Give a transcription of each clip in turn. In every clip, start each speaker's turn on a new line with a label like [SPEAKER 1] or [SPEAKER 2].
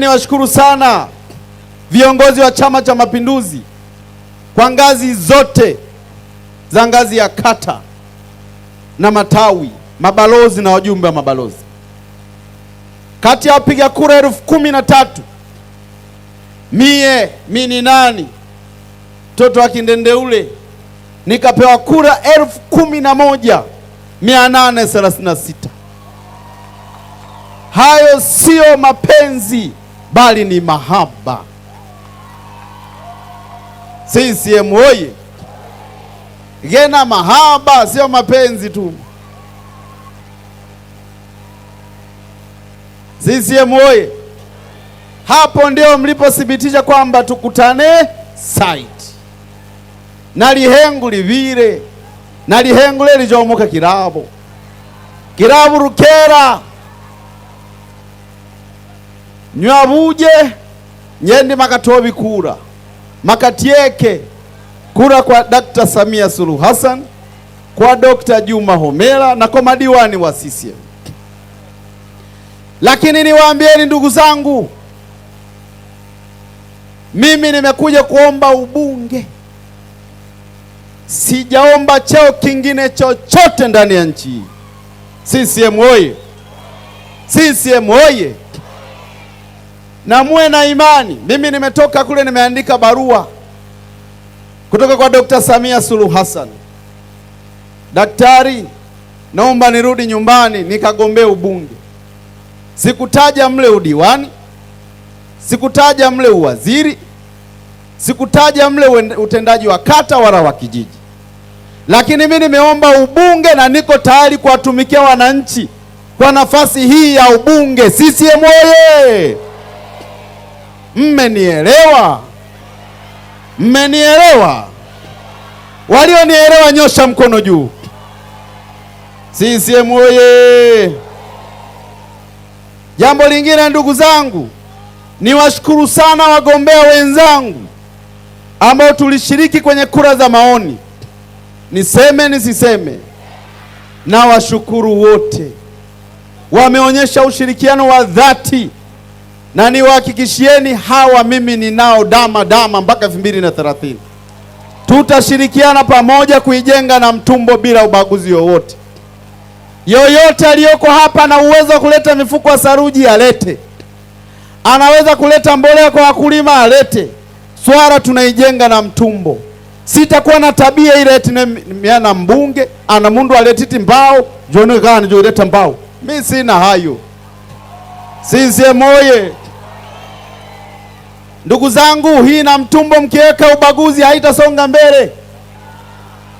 [SPEAKER 1] Niwashukuru sana viongozi wa Chama cha Mapinduzi kwa ngazi zote za ngazi ya kata na matawi, mabalozi na wajumbe wa mabalozi. Kati ya wapiga kura elfu kumi na tatu mie mi ni nani, mtoto wa ule, nikapewa kura elfu kumi na moja mia nane thelathini na sita. Hayo siyo mapenzi bali ni mahaba. CCM oye! Gena mahaba, sio mapenzi tu. CCM oye! Hapo ndio mlipothibitisha kwamba tukutane site na lihengu livire na lihengu lelijomoka kirabo kirabo rukera nywavuje nyendi makatoa vikura makatieke kura kwa Dakta Samia Suluhu Hassan, kwa Dokta Juma Homera na kwa madiwani wa CCM. Lakini niwaambieni ndugu zangu, mimi nimekuja kuomba ubunge, sijaomba cheo kingine chochote ndani ya nchi hii. CCM oye! CCM oye! na muwe na imani. Mimi nimetoka kule, nimeandika barua kutoka kwa Dr. Samia Suluhu Hassan, daktari, naomba nirudi nyumbani nikagombee ubunge. Sikutaja mle udiwani, sikutaja mle uwaziri, sikutaja mle utendaji wa kata wala wa kijiji, lakini mimi nimeomba ubunge na niko tayari kuwatumikia wananchi kwa nafasi hii ya ubunge. CCM oye! Mmenielewa? Mmenielewa? Walionielewa nyosha mkono juu. CCM oye! Jambo lingine ndugu zangu, niwashukuru sana wagombea wenzangu ambao tulishiriki kwenye kura za maoni. Niseme nisiseme, na washukuru wote, wameonyesha ushirikiano wa dhati na niwahakikishieni hawa mimi ninao dama dama mpaka 2030. Tutashirikiana pamoja kuijenga Namtumbo bila ubaguzi wowote. Yoyote aliyoko hapa na uwezo wa kuleta mifuko ya saruji alete, anaweza kuleta mbolea kwa wakulima alete. Swara tunaijenga Namtumbo. Sitakuwa na tabia ile eti miana mbunge ana mundu aletiti mbao jone gani mbao. Mi sina hayo. CCM oye! Ndugu zangu, hii na mtumbo mkiweka ubaguzi haitasonga mbele.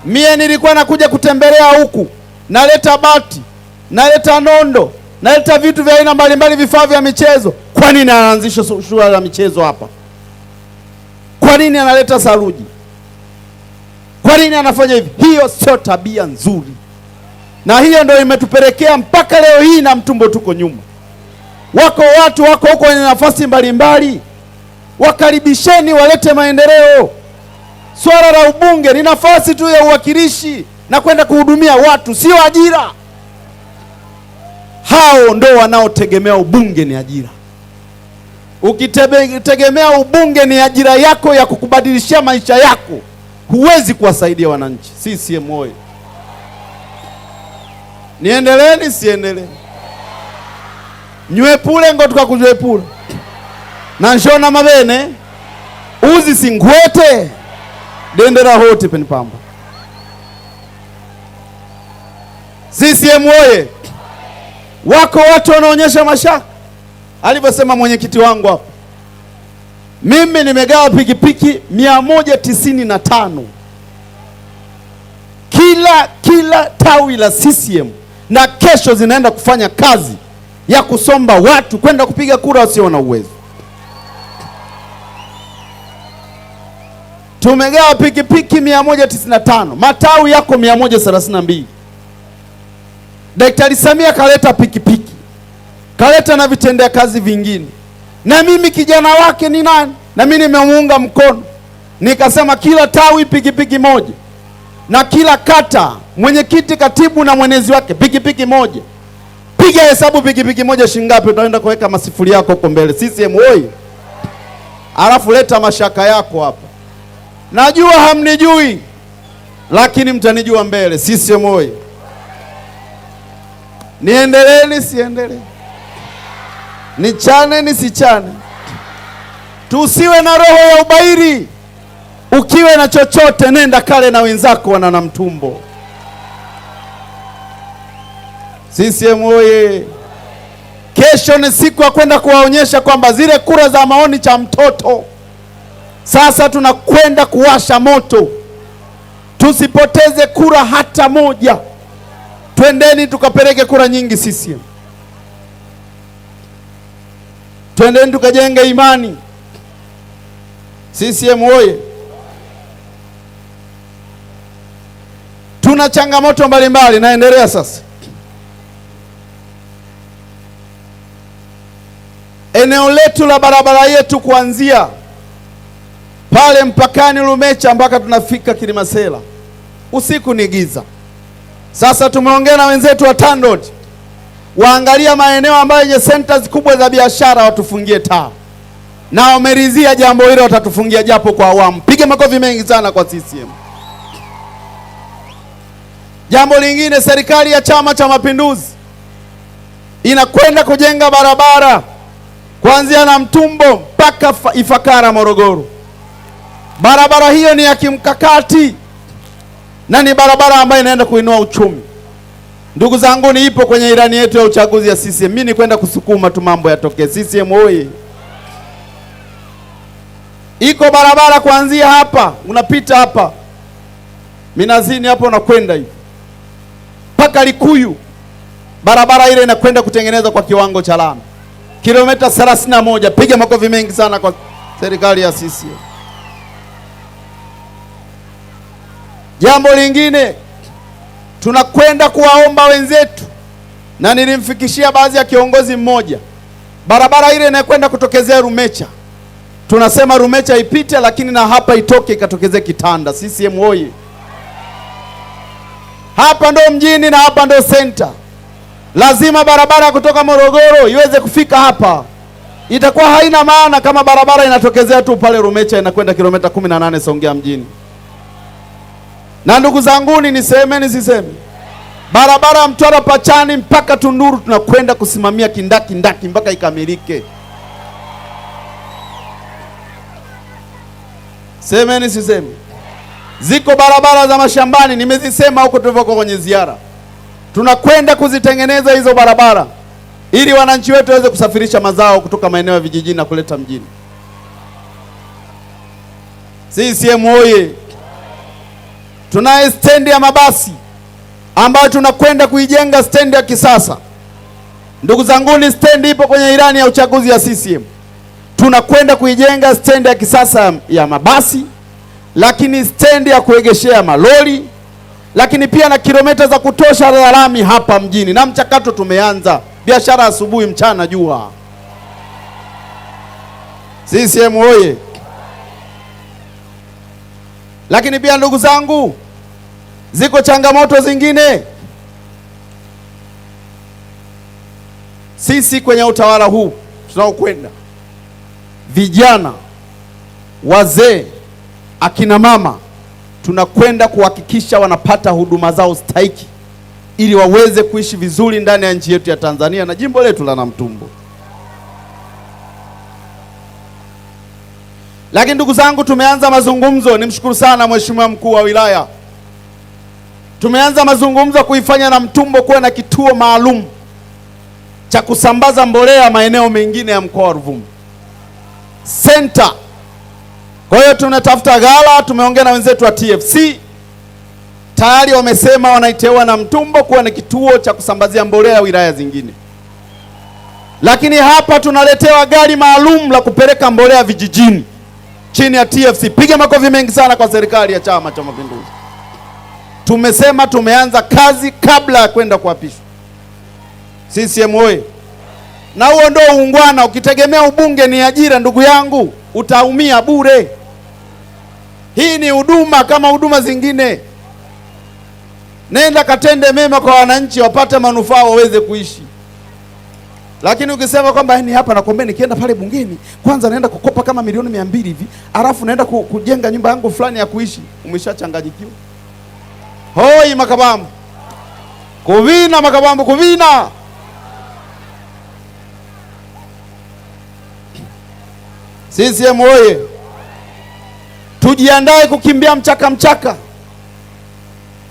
[SPEAKER 1] Mie nilikuwa nakuja kutembelea huku, naleta bati, naleta nondo, naleta vitu vya aina mbalimbali, vifaa vya michezo. Kwa nini anaanzisha shule za michezo hapa? Kwa nini analeta saruji? Kwa nini anafanya hivi? Hiyo sio tabia nzuri, na hiyo ndio imetupelekea mpaka leo hii na mtumbo tuko nyuma. Wako watu wako huko wenye nafasi mbalimbali wakaribisheni, walete maendeleo. Swala la ubunge ni nafasi tu ya uwakilishi na kwenda kuhudumia watu, sio ajira. Hao ndo wanaotegemea ubunge ni ajira. Ukitegemea ubunge ni ajira yako ya kukubadilishia maisha yako, huwezi kuwasaidia wananchi. CCM oyee! Niendelee nisiendelee? Nywepule ngo tukakunywepule nanjona mavene uzi singwete dendera hoti penipamba CCM oye! Wako watu wanaonyesha mashaka, alivyosema mwenyekiti wangu hapo. Mimi nimegawa pikipiki mia moja tisini na tano kila kila tawi la CCM, na kesho zinaenda kufanya kazi ya kusomba watu kwenda kupiga kura wasio na uwezo. tumegawa pikipiki 195 matawi yako 132. Daktari Samia kaleta pikipiki, kaleta na vitendea kazi vingine, na mimi kijana wake ni nani, na mimi nimemuunga mkono, nikasema kila tawi pikipiki moja, na kila kata mwenyekiti, katibu na mwenezi wake pikipiki moja. Piga hesabu pikipiki moja shingapi, utaenda kuweka masifuri yako huko mbele. CCM oyee! Alafu leta mashaka yako hapa Najua hamnijui lakini mtanijua mbele. Sisi moyo niendelee, nisiendelee, nichane, nisichane, tusiwe na roho ya ubairi. Ukiwe na chochote nenda kale na wenzako wanana mtumbo. CCM oye! Kesho ni siku ya kwenda kuwaonyesha kwamba zile kura za maoni cha mtoto sasa tunakwenda kuwasha moto, tusipoteze kura hata moja. Twendeni tukapeleke kura nyingi sisi, twendeni tukajenge imani CCM oye! Tuna changamoto mbalimbali, naendelea sasa. Eneo letu la barabara yetu kuanzia pale mpakani Lumecha mpaka tunafika Kilimasela, usiku ni giza. Sasa tumeongea na wenzetu wa TANROADS waangalia maeneo ambayo yenye centers kubwa za biashara watufungie taa, na wameridhia jambo hilo, watatufungia japo kwa awamu. pige makofi mengi sana kwa CCM. Jambo lingine, serikali ya Chama cha Mapinduzi inakwenda kujenga barabara kuanzia na Mtumbo mpaka Ifakara Morogoro. Barabara hiyo ni ya kimkakati na ni barabara ambayo inaenda kuinua uchumi. Ndugu zangu, ni ipo kwenye ilani yetu ya uchaguzi ya CCM. Mimi ni kwenda kusukuma tu mambo yatokee. CCM oyee! Iko barabara kuanzia hapa, unapita hapa Minazini hapo, unakwenda hivi mpaka Likuyu. Barabara ile inakwenda kutengenezwa kwa kiwango cha lami, kilomita 31. Piga makofi mengi sana kwa serikali ya CCM. Jambo lingine tunakwenda kuwaomba wenzetu, na nilimfikishia baadhi ya kiongozi mmoja, barabara ile inayokwenda kutokezea Rumecha, tunasema Rumecha ipite, lakini na hapa itoke ikatokeze Kitanda. CCM oyee! Hapa ndo mjini na hapa ndo senta. Lazima barabara kutoka Morogoro iweze kufika hapa. Itakuwa haina maana kama barabara inatokezea tu pale Rumecha, inakwenda kilomita 18 Songea mjini. Na ndugu zanguni, niseme nisiseme, barabara ya Mtwara Pachani mpaka Tunduru tunakwenda kusimamia kindakindaki mpaka ikamilike. Semeni siseme, ziko barabara za mashambani, nimezisema huko tulivyokuwa kwenye ziara. Tunakwenda kuzitengeneza hizo barabara ili wananchi wetu waweze kusafirisha mazao kutoka maeneo ya vijijini na kuleta mjini. CCM oye! Tunaye stendi ya mabasi ambayo tunakwenda kuijenga stendi ya kisasa. Ndugu zanguni, stendi ipo kwenye ilani ya uchaguzi ya CCM. Tunakwenda kuijenga stendi ya kisasa ya mabasi, lakini stendi ya kuegeshea malori, lakini pia na kilomita za kutosha za lami hapa mjini, na mchakato tumeanza. Biashara asubuhi, mchana, jua. CCM oye! Lakini pia ndugu zangu, ziko changamoto zingine. Sisi kwenye utawala huu tunaokwenda, vijana, wazee, akina mama, tunakwenda kuhakikisha wanapata huduma zao stahiki ili waweze kuishi vizuri ndani ya nchi yetu ya Tanzania na jimbo letu la Namtumbo. Lakini ndugu zangu, tumeanza mazungumzo, nimshukuru sana mheshimiwa mkuu wa wilaya. Tumeanza mazungumzo kuifanya Namtumbo kuwa na kituo maalum cha kusambaza mbolea maeneo mengine ya mkoa wa Ruvuma senta. Kwa hiyo tunatafuta ghala, tumeongea na wenzetu wa TFC tayari wamesema wanaiteua Namtumbo kuwa na kituo cha kusambazia mbolea wilaya zingine, lakini hapa tunaletewa gari maalum la kupeleka mbolea vijijini chini ya TFC. Piga makofi mengi sana kwa serikali ya Chama cha Mapinduzi. Tumesema tumeanza kazi kabla ya kwenda kuapishwa. CCM oyee! Na huo ndio uungwana. Ukitegemea ubunge ni ajira, ndugu yangu, utaumia bure. Hii ni huduma kama huduma zingine. Nenda katende mema kwa wananchi, wapate manufaa, waweze kuishi. Lakini ukisema kwamba ni yaani hapa nakwambia, nikienda pale bungeni kwanza naenda kukopa kama milioni mia mbili hivi, alafu naenda kujenga nyumba yangu fulani ya kuishi, umeshachanganyikiwa. Hoi makabambu kuvina, makabambu kuvina. CCM oye! Tujiandae kukimbia mchaka mchaka,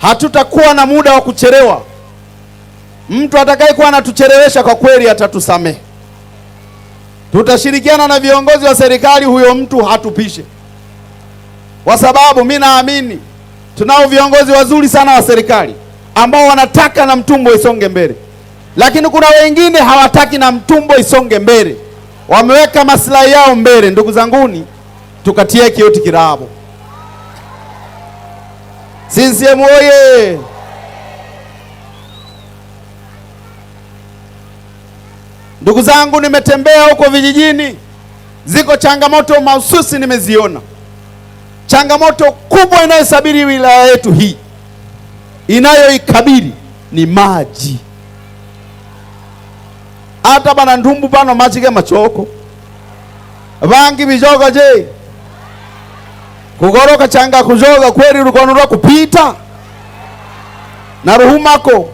[SPEAKER 1] hatutakuwa na muda wa kuchelewa. Mtu atakayekuwa anatuchelewesha kwa kweli atatusamehe. Tutashirikiana na viongozi wa serikali, huyo mtu hatupishe, kwa sababu mi naamini tunao viongozi wazuri sana wa serikali ambao wanataka na Mtumbo isonge mbele, lakini kuna wengine hawataki na Mtumbo isonge mbele, wameweka maslahi yao mbele. Ndugu zanguni, tukatie kioti kirabo. CCM oye! Ndugu zangu, nimetembea huko vijijini, ziko changamoto mahususi nimeziona. Changamoto kubwa inayosabiri wilaya yetu hii inayoikabili ni maji. Hata bana ndumbu pano maji ge machoko vangi vijoga je kugoroka changa kujoga kweli rugonora kupita na ruhumako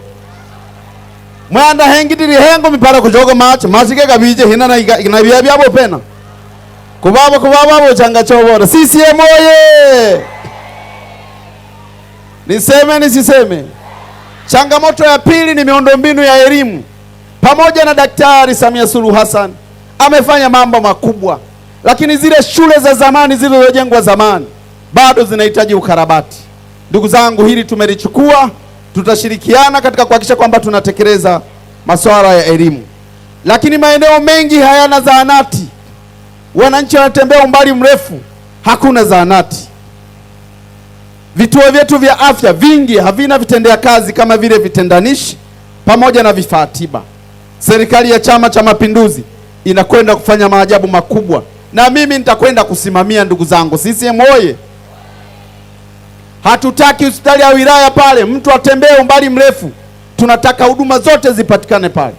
[SPEAKER 1] mwenda hengidiri hengo mipara kujogo macho masike kabije hina na na bia bia bopena kubaba kubaba bo changa chobora CCM oye niseme nisiseme changamoto ya pili ni miundombinu ya elimu pamoja na daktari Samia Suluhu Hassan amefanya mambo makubwa lakini zile shule za zamani zilizojengwa zamani bado zinahitaji ukarabati ndugu zangu hili tumelichukua tutashirikiana katika kuhakikisha kwamba tunatekeleza masuala ya elimu. Lakini maeneo mengi hayana zahanati, wananchi wanatembea umbali mrefu, hakuna zahanati. Vituo vyetu vya afya vingi havina vitendea kazi kama vile vitendanishi pamoja na vifaa tiba. Serikali ya Chama cha Mapinduzi inakwenda kufanya maajabu makubwa, na mimi nitakwenda kusimamia. Ndugu zangu, CCM oye! Hatutaki hospitali ya wilaya pale mtu atembee umbali mrefu, tunataka huduma zote zipatikane pale.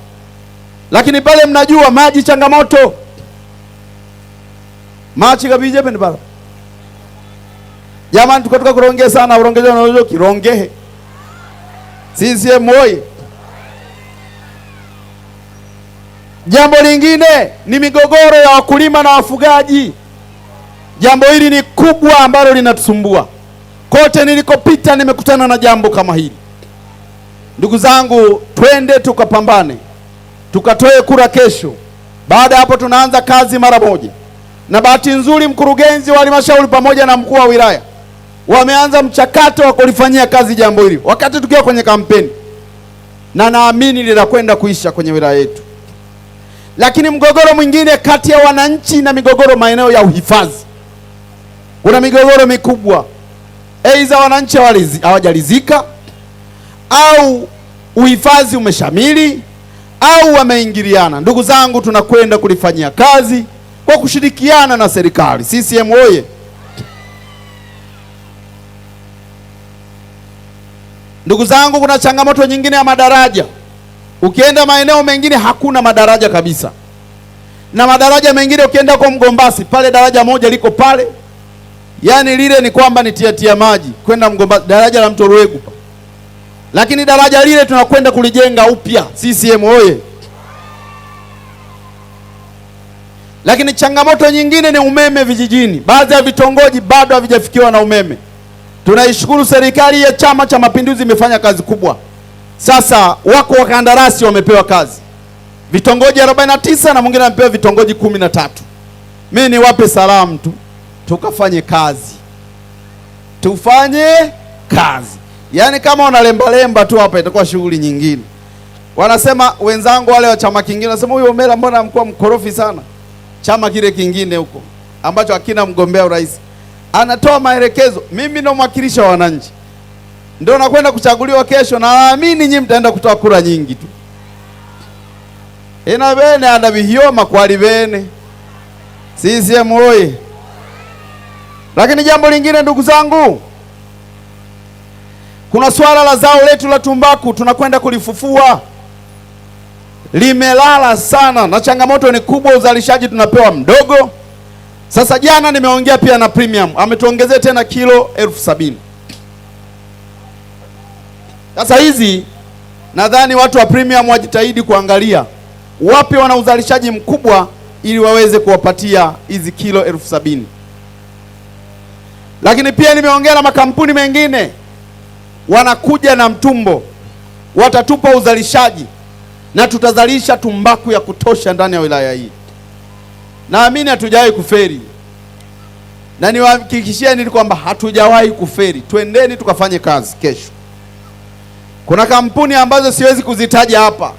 [SPEAKER 1] Lakini pale mnajua maji changamoto, machi kabijepeni pale. Jamani, tukatoka kurongee sana urongeje na kirongehe CCM oye! Jambo lingine ni migogoro ya wakulima na wafugaji. Jambo hili ni kubwa ambalo linatusumbua. Kote nilikopita nimekutana na jambo kama hili. Ndugu zangu, twende tukapambane, tukatoe kura kesho. Baada ya hapo, tunaanza kazi mara moja. Na bahati nzuri, mkurugenzi wa halmashauri pamoja na mkuu wa wilaya wameanza mchakato wa kulifanyia kazi jambo hili wakati tukiwa kwenye kampeni, na naamini linakwenda kuisha kwenye wilaya yetu. Lakini mgogoro mwingine kati ya wananchi na migogoro maeneo ya uhifadhi, kuna migogoro mikubwa Aidha wananchi hawajalizika au uhifadhi umeshamili au wameingiliana. Ndugu zangu, tunakwenda kulifanyia kazi kwa kushirikiana na serikali. CCM oye! Ndugu zangu, kuna changamoto nyingine ya madaraja. Ukienda maeneo mengine hakuna madaraja kabisa, na madaraja mengine ukienda kwa Mgombasi pale daraja moja liko pale yaani lile ni kwamba ni tiatia maji kwenda mgomba daraja la mto Ruegu, lakini daraja lile tunakwenda kulijenga upya. CCM oye! Lakini changamoto nyingine ni umeme vijijini, baadhi ya vitongoji bado havijafikiwa na umeme. Tunaishukuru serikali ya Chama cha Mapinduzi imefanya kazi kubwa. Sasa wako wakandarasi wamepewa kazi vitongoji 49 na mwingine amepewa vitongoji kumi na tatu. Mimi niwape salamu tu tukafanye kazi, tufanye kazi. Yaani kama unalembalemba tu hapa itakuwa shughuli nyingine. Wanasema wenzangu wale wa chama kingine, wanasema huyo Omera mbona amkuwa mkorofi sana? Chama kile kingine huko ambacho hakina mgombea urais anatoa maelekezo, mimi ndo mwakilisha wananchi, ndio nakwenda kuchaguliwa kesho, na naamini nyinyi mtaenda kutoa kura nyingi tu ina bene adabihioma kwali bene CCM oye lakini jambo lingine ndugu zangu, kuna swala la zao letu la tumbaku tunakwenda kulifufua, limelala sana na changamoto ni kubwa, uzalishaji tunapewa mdogo. Sasa jana nimeongea pia na Premium, ametuongezea tena kilo elfu sabini. Sasa hizi nadhani watu wa Premium wajitahidi kuangalia wapi wana uzalishaji mkubwa ili waweze kuwapatia hizi kilo elfu sabini. Lakini pia nimeongea na makampuni mengine, wanakuja na mtumbo, watatupa uzalishaji na tutazalisha tumbaku ya kutosha ndani ya wilaya hii. Naamini hatujawahi kuferi, na niwahakikishieni kwamba hatujawahi kuferi. Twendeni tukafanye kazi kesho. Kuna kampuni ambazo siwezi kuzitaja hapa,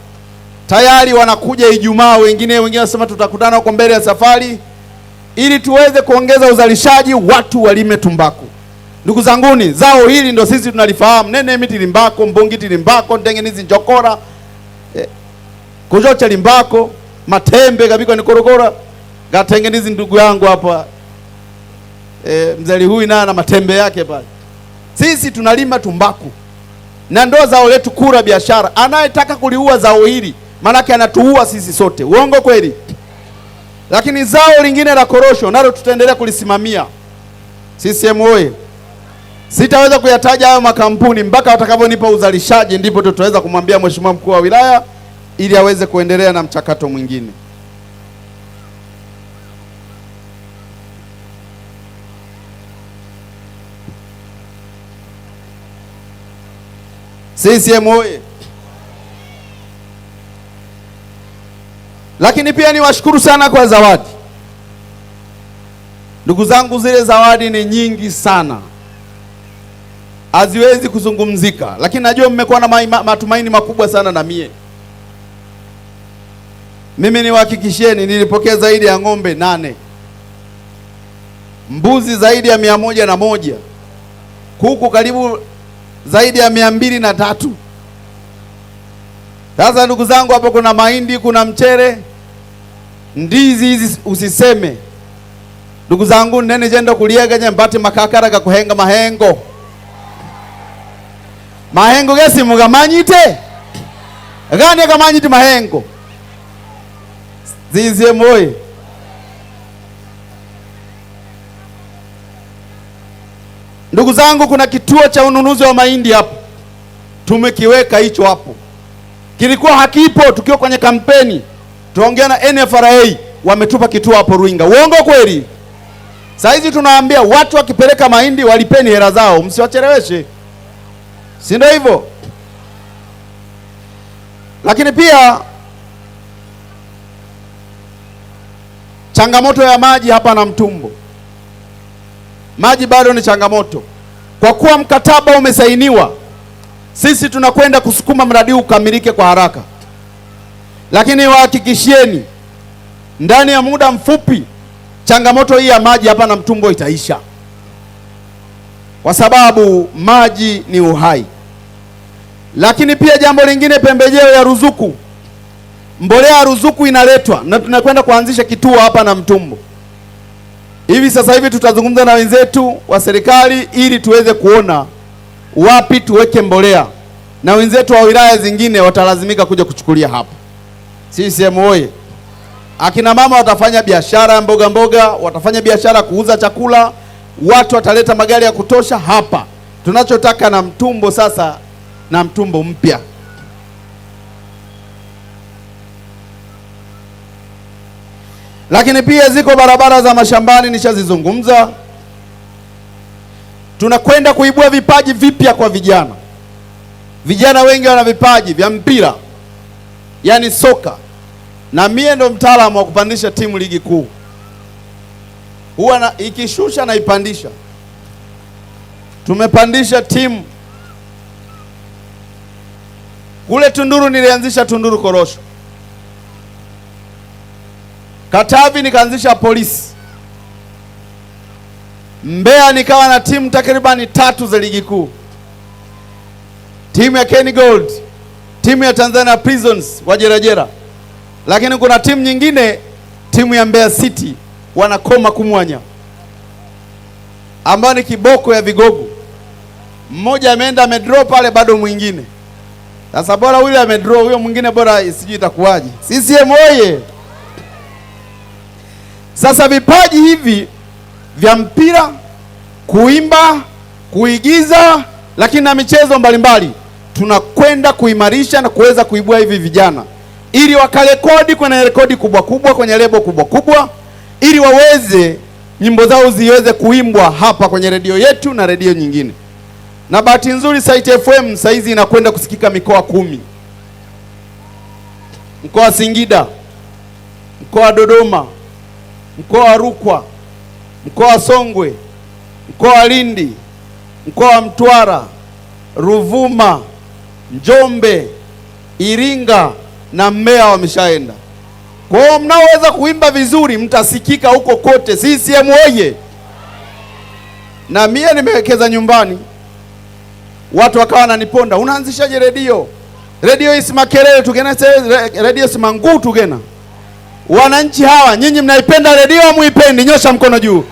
[SPEAKER 1] tayari wanakuja Ijumaa, wengine wengine wanasema tutakutana huko mbele ya safari ili tuweze kuongeza uzalishaji, watu walime tumbaku. Ndugu zanguni, zao hili ndo sisi tunalifahamu, miti limbako, mbungiti limbako, ndengenizi njokora eh, kujocha limbako, matembe kabiko ni korokora gatengenizi. Ndugu yangu hapa eh, mzali huyu naye na matembe yake pale. Sisi tunalima tumbaku na ndo zao letu kura biashara. Anayetaka kuliua zao hili, maanake anatuua sisi sote. Uongo kweli? Lakini zao lingine la korosho nalo tutaendelea kulisimamia CCM oye. Sitaweza kuyataja hayo makampuni mpaka watakavyonipa uzalishaji, ndipo tutaweza kumwambia mheshimiwa mkuu wa wilaya ili aweze kuendelea na mchakato mwingine. CCM oye. Lakini pia niwashukuru sana kwa zawadi. Ndugu zangu, zile zawadi ni nyingi sana, haziwezi kuzungumzika, lakini najua mmekuwa na matumaini makubwa sana na mie. Mimi niwahakikishieni nilipokea zaidi ya ng'ombe nane, mbuzi zaidi ya mia moja na moja, kuku karibu zaidi ya mia mbili na tatu. Sasa ndugu zangu, hapo kuna mahindi, kuna mchere ndizi hizi usiseme. Ndugu zangu nene jenda kulieganye mbati makakara gakuhenga mahengo mahengo gesi mugamanyite gani gamanyite mahengo zizie moyo Ndugu zangu, kuna kituo cha ununuzi wa mahindi hapo, tumekiweka hicho hapo, kilikuwa hakipo tukiwa kwenye kampeni tuongea na NFRA wametupa kituo hapo Ruinga. Uongo kweli? Saa hizi tunaambia watu wakipeleka mahindi walipeni hela zao, msiwacheleweshe, si ndio hivyo? Lakini pia changamoto ya maji hapa na mtumbo maji bado ni changamoto. Kwa kuwa mkataba umesainiwa, sisi tunakwenda kusukuma mradi huu ukamilike kwa haraka. Lakini wahakikishieni ndani ya muda mfupi changamoto hii ya maji hapa na Mtumbo itaisha, kwa sababu maji ni uhai. Lakini pia jambo lingine, pembejeo ya ruzuku, mbolea ya ruzuku inaletwa na tunakwenda kuanzisha kituo hapa na Mtumbo. Hivi sasa hivi tutazungumza na wenzetu wa serikali ili tuweze kuona wapi tuweke mbolea, na wenzetu wa wilaya zingine watalazimika kuja kuchukulia hapa. CCM oye! Akina mama watafanya biashara ya mboga mboga, watafanya biashara kuuza chakula, watu wataleta magari ya kutosha hapa. Tunachotaka na mtumbo sasa, na mtumbo mpya. Lakini pia ziko barabara za mashambani, nishazizungumza. Tunakwenda kuibua vipaji vipya kwa vijana. Vijana wengi wana vipaji vya mpira, yaani soka na mie ndo mtaalamu wa kupandisha timu ligi kuu, huwa na ikishusha naipandisha. Tumepandisha timu kule Tunduru, nilianzisha Tunduru Korosho. Katavi nikaanzisha Polisi. Mbeya nikawa na timu takribani tatu za ligi kuu, timu ya Kenny Gold, timu ya Tanzania Prisons wajerajera lakini kuna timu nyingine, timu ya Mbeya City wanakoma kumwanya, ambayo ni kiboko ya vigogo. Mmoja ameenda amedraw pale, bado mwingine sasa, bora yule amedraw, huyo mwingine bora sijui itakuwaje. CCM oye! Sasa vipaji hivi vya mpira, kuimba, kuigiza, lakini na michezo mbalimbali tunakwenda kuimarisha na kuweza kuibua hivi vijana ili wakarekodi kwenye rekodi kubwa kubwa kwenye lebo kubwa kubwa, ili waweze nyimbo zao ziweze kuimbwa hapa kwenye redio yetu na redio nyingine. Na bahati nzuri Site FM saizi inakwenda kusikika mikoa kumi: mkoa wa Singida, mkoa wa Dodoma, mkoa wa Rukwa, mkoa wa Songwe, mkoa wa Lindi, mkoa wa Mtwara, Ruvuma, Njombe, Iringa na mmea wameshaenda. Kwa hiyo mnaoweza kuimba vizuri mtasikika huko kote. CCM oye! Na mie nimewekeza nyumbani, watu wakawa wananiponda, unaanzishaje redio? Redio isi makelele tugena, redio isi manguu tugena. Wananchi hawa, nyinyi mnaipenda redio? Muipendi? Nyosha mkono juu.